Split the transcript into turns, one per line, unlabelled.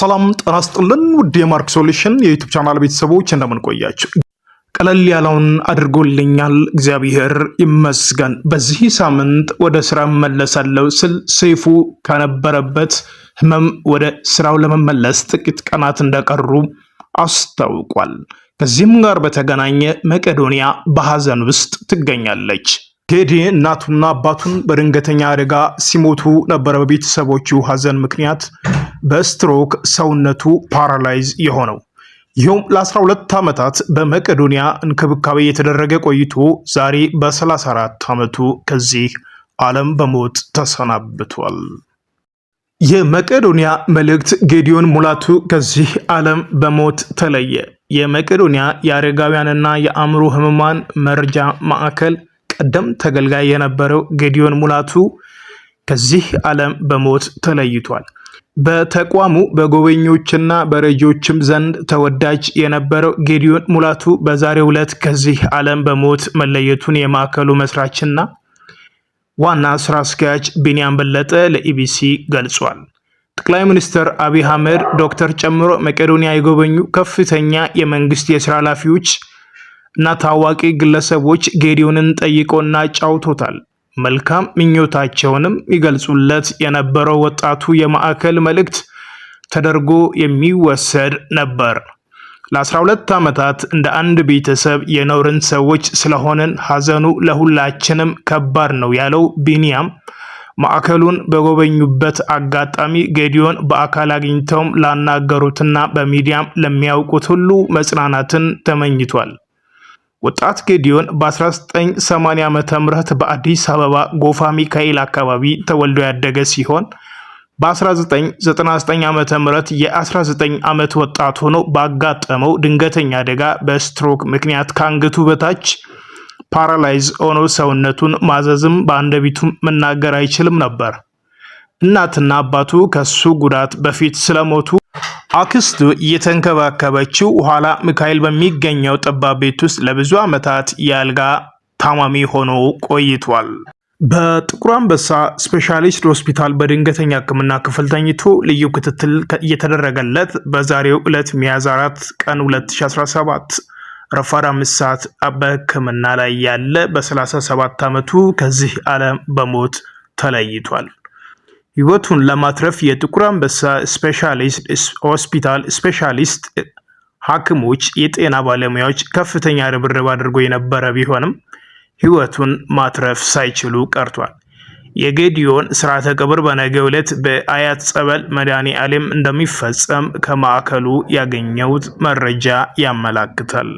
ሰላም ጤና ይስጥልን ውድ የማርክ ሶሉሽን የዩቱብ ቻናል ቤተሰቦች እንደምን ቆያችሁ? ቀለል ያለውን አድርጎልኛል እግዚአብሔር ይመስገን። በዚህ ሳምንት ወደ ስራ እመለሳለሁ ስል ሰይፉ ከነበረበት ህመም ወደ ስራው ለመመለስ ጥቂት ቀናት እንደቀሩ አስታውቋል። ከዚህም ጋር በተገናኘ መቄዶንያ በሐዘን ውስጥ ትገኛለች። ጌዴ እናቱና አባቱን በድንገተኛ አደጋ ሲሞቱ ነበረ በቤተሰቦቹ ሐዘን ምክንያት በስትሮክ ሰውነቱ ፓራላይዝ የሆነው። ይኸውም ለ12 ዓመታት በመቄዶንያ እንክብካቤ የተደረገ ቆይቶ ዛሬ በ34 ዓመቱ ከዚህ ዓለም በሞት ተሰናብቷል። የመቄዶንያ መልእክት ጌዲዮን ሙላቱ ከዚህ ዓለም በሞት ተለየ። የመቄዶንያ የአረጋውያንና የአእምሮ ህመማን መርጃ ማዕከል ቀደም ተገልጋይ የነበረው ጌዲዮን ሙላቱ ከዚህ ዓለም በሞት ተለይቷል። በተቋሙ በጎበኞችና በረጂዎችም ዘንድ ተወዳጅ የነበረው ጌዲዮን ሙላቱ በዛሬው ዕለት ከዚህ ዓለም በሞት መለየቱን የማዕከሉ መስራችና ዋና ስራ አስኪያጅ ቢንያም በለጠ ለኢቢሲ ገልጿል። ጠቅላይ ሚኒስትር አብይ አህመድ ዶክተር ጨምሮ መቄዶንያ የጎበኙ ከፍተኛ የመንግስት የስራ ኃላፊዎች እና ታዋቂ ግለሰቦች ጌዲዮንን ጠይቆና ጫውቶታል። መልካም ምኞታቸውንም ይገልጹለት የነበረው ወጣቱ የማዕከል መልእክት ተደርጎ የሚወሰድ ነበር። ለ12 ዓመታት እንደ አንድ ቤተሰብ የኖርን ሰዎች ስለሆንን ሐዘኑ ለሁላችንም ከባድ ነው ያለው ቢኒያም ማዕከሉን በጎበኙበት አጋጣሚ ጌዲዮን በአካል አግኝተውም ላናገሩትና በሚዲያም ለሚያውቁት ሁሉ መጽናናትን ተመኝቷል። ወጣት ጌዲዮን በ1980 ዓ ም በአዲስ አበባ ጎፋ ሚካኤል አካባቢ ተወልዶ ያደገ ሲሆን በ1999 ዓ ም የ19 ዓመት ወጣት ሆኖ ባጋጠመው ድንገተኛ አደጋ በስትሮክ ምክንያት ከአንገቱ በታች ፓራላይዝ ሆኖ ሰውነቱን ማዘዝም በአንደበቱም መናገር አይችልም ነበር። እናትና አባቱ ከሱ ጉዳት በፊት ስለሞቱ አክስቱ እየተንከባከበችው ኋላ ሚካኤል በሚገኘው ጠባብ ቤት ውስጥ ለብዙ ዓመታት የአልጋ ታማሚ ሆኖ ቆይቷል። በጥቁር አንበሳ ስፔሻሊስት ሆስፒታል በድንገተኛ ሕክምና ክፍል ተኝቶ ልዩ ክትትል እየተደረገለት በዛሬው ዕለት ሚያዝያ 4 ቀን 2017 ረፋድ አምስት ሰዓት በሕክምና ላይ ያለ በ37 ዓመቱ ከዚህ ዓለም በሞት ተለይቷል። ህይወቱን ለማትረፍ የጥቁር አንበሳ ስፔሻሊስት ሆስፒታል ስፔሻሊስት ሐኪሞች፣ የጤና ባለሙያዎች ከፍተኛ ርብርብ አድርጎ የነበረ ቢሆንም ህይወቱን ማትረፍ ሳይችሉ ቀርቷል። የጌዲዮን ስርዓተ ቀብር በነገ ዕለት በአያት ጸበል መድኃኔ ዓለም እንደሚፈጸም ከማዕከሉ ያገኘውት መረጃ ያመላክታል።